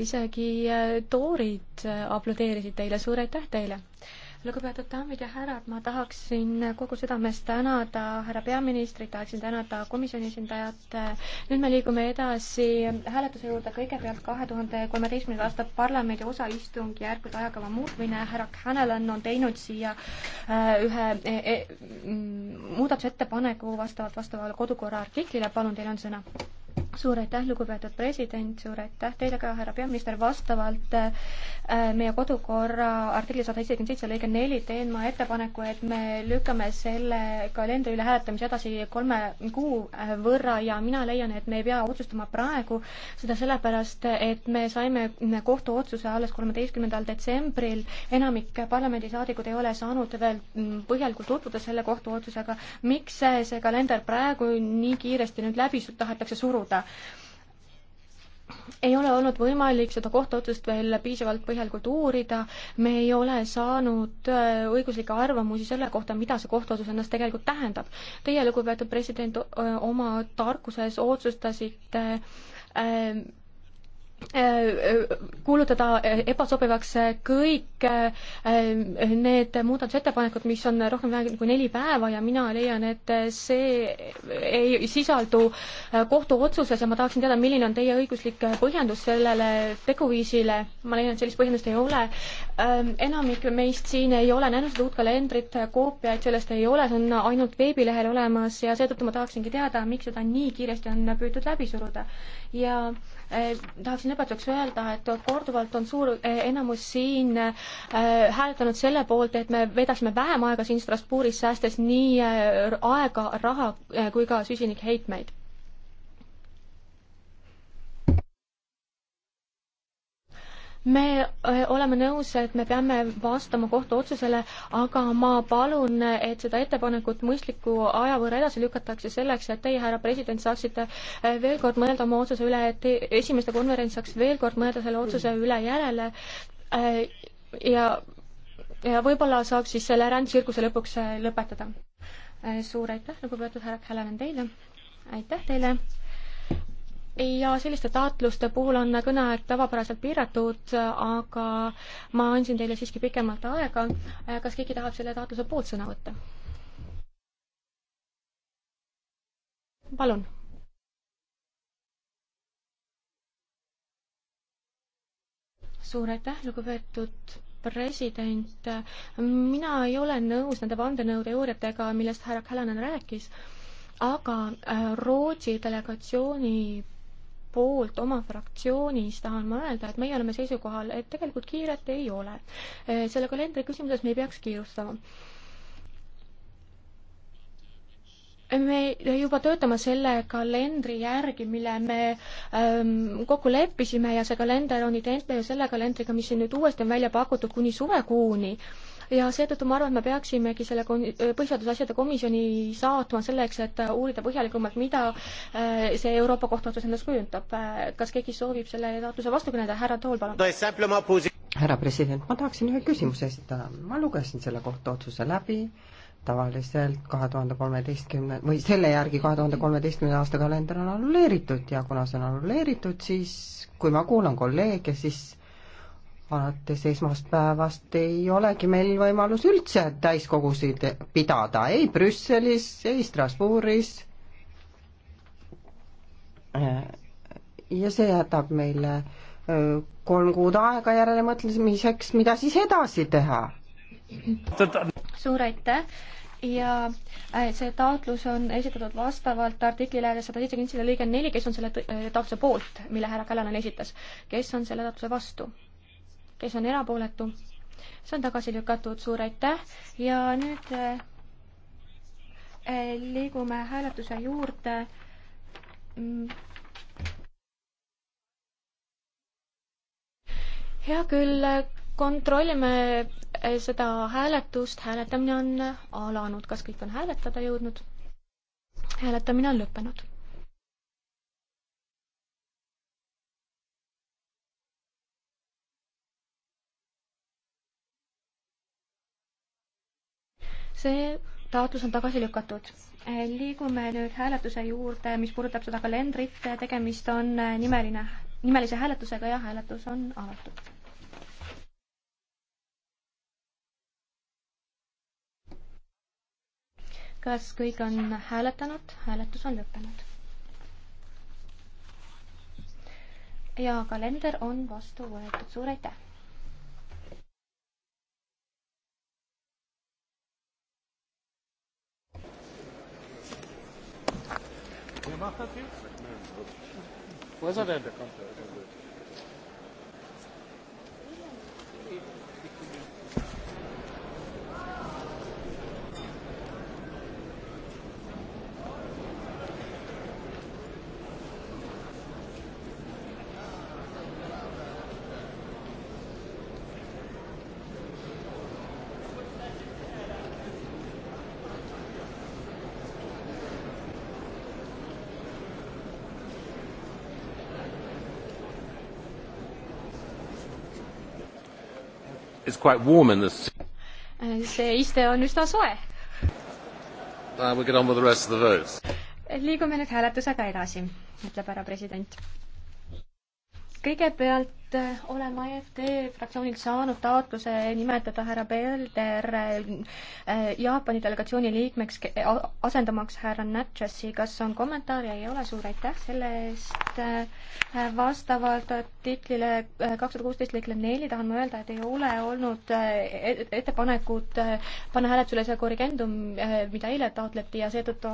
isegi äh, toorid äh, aplodeerisid teile, suur aitäh teile! lugupeetud daamid ja härrad, ma tahaksin äh, kogu südamest tänada härra peaministrit, tahaksin tänada komisjoni esindajat. nüüd me liigume edasi hääletuse juurde, kõigepealt kahe tuhande kolmeteistkümnenda aasta parlamendi osaistungjärgude ajakava muutmine. härra Canelan on teinud siia ühe e e muudatusettepaneku vastavalt vastavale kodukorra artiklile, palun, teil on sõna suur aitäh, lugupeetud president, suur aitäh teile ka, härra peaminister, vastavalt äh, meie kodukorra artikli sada seitsekümmend seitse lõige neli teen ma ettepaneku, et me lükkame selle kalendri üle hääletamise edasi kolme kuu äh, võrra ja mina leian, et me ei pea otsustama praegu, seda sellepärast, et me saime kohtuotsuse alles kolmeteistkümnendal detsembril, enamik parlamendisaadikud ei ole saanud veel mm, põhjalikult tutvuda selle kohtuotsusega, miks see kalender praegu nii kiiresti nüüd läbi tahetakse suruda esitada. ei ole olnud võimalik seda kohtuotsust veel piisavalt põhjalikult uurida, me ei ole saanud äh, õiguslikke arvamusi selle kohta, mida see kohtuotsus ennast tegelikult tähendab. Teie, lugupeetud president, oma tarkuses otsustasite äh, kuulutada eh, ebasobivaks eh, kõik eh, need muudatusettepanekud, mis on rohkem kui neli päeva ja mina leian, et see ei sisaldu kohtuotsuses ja ma tahaksin teada, milline on teie õiguslik põhjendus sellele teguviisile. ma leian, et sellist põhjendust ei ole. Ähm, enamik meist siin ei ole näinud seda uut kalendrit, koopiaid sellest ei ole, see on ainult veebilehel olemas ja seetõttu ma tahaksingi teada, miks seda nii kiiresti on püütud läbi suruda. ja tahaksin tahaksin lõpetuseks öelda, et korduvalt on suur eh, enamus siin eh, hääletanud selle poolt, et me veedaksime vähem aega siin Strasbourgis, säästes nii eh, aega, raha kui ka süsinikheitmeid me äh, oleme nõus, et me peame vastama kohtuotsusele, aga ma palun, et seda ettepanekut mõistliku aja võrra edasi lükatakse selleks, et teie, härra president, saaksite äh, veel kord mõelda oma otsuse üle, et esimeste konverents saaks veel kord mõelda selle otsuse üle järele äh, ja, ja võib-olla saab siis selle rändtsirkuse lõpuks lõpetada. suur aitäh, lugupeetud härra Kälelan teile, aitäh teile! ja selliste taotluste puhul on kõneaeg tavapäraselt piiratud, aga ma andsin teile siiski pikemalt aega. kas keegi tahab selle taotluse poolt sõna võtta? palun. suur aitäh, lugupeetud president. mina ei ole nõus nende vandenõuteooriatega, millest härra Kälanen rääkis aga äh, Rootsi delegatsiooni poolt oma fraktsioonis tahan ma öelda, et meie oleme seisukohal, et tegelikult kiiret ei ole. Äh, selle kalendri küsimuses me ei peaks kiirustama. me juba töötame selle kalendri järgi, mille me ähm, kokku leppisime ja see kalender on identne selle kalendriga, mis siin nüüd uuesti on välja pakutud kuni suvekuuni äh, ja seetõttu ma arvan, et me peaksimegi selle põhiseaduse asjade komisjoni saatma selleks, et äh, uurida põhjalikumalt, mida äh, see Euroopa Kohtu otsus endast kujundab. Äh, kas keegi soovib selle taotluse vastu kõneleda, härra Tool, palun? härra president, ma tahaksin ühe küsimuse esitada. ma lugesin selle kohtuotsuse läbi tavaliselt kahe tuhande kolmeteistkümne või selle järgi kahe tuhande kolmeteistkümnenda aasta kalender on annulleeritud ja kuna see on annulleeritud, siis kui ma kuulan kolleege, siis alates esmast päevast ei olegi meil võimalus üldse täiskogusid pidada ei Brüsselis, ei Strasbourgis. ja see jätab meile kolm kuud aega järelemõtlemiseks, mida siis edasi teha. suur aitäh ja äh, see taotlus on esitatud vastavalt artiklile sada seitsekümmend seitse lõige neli, kes on selle äh, taotluse poolt, mille härra Kallan esitas, kes on selle taotluse vastu kes on erapooletu, see on tagasi lükatud, suur aitäh ja nüüd äh, liigume hääletuse juurde. hea küll, kontrollime äh, seda hääletust, hääletamine on alanud, kas kõik on hääletada jõudnud? hääletamine on lõppenud see taotlus on tagasi lükatud. liigume nüüd hääletuse juurde, mis puudutab seda kalendrit, tegemist on äh, nimeline, nimelise hääletusega ja hääletus on avatud. kas kõik on hääletanud? hääletus on lõppenud. ja kalender on vastu võetud, suur aitäh! Wer macht das jetzt? Wo ist er denn? Der kommt, der kommt. It's quite warm in this. Eh, see iste on üsna soe. Now we get on with the rest of the votes. liigume nüüd hääletusega edasi, ütleb härra president kõigepealt äh, olen ma EFD fraktsioonilt saanud taotluse nimetada härra Belder äh, Jaapani delegatsiooni liikmeks, asendamaks härra Natchesi. kas on kommentaare? ei ole, suur aitäh selle eest. Äh, vastavalt artiklile kakssada kuusteist lõikele neli tahan ma öelda, et ei ole olnud e-, ettepanekut panna hääletusele see korrigendum, mida eile taotleti ja seetõttu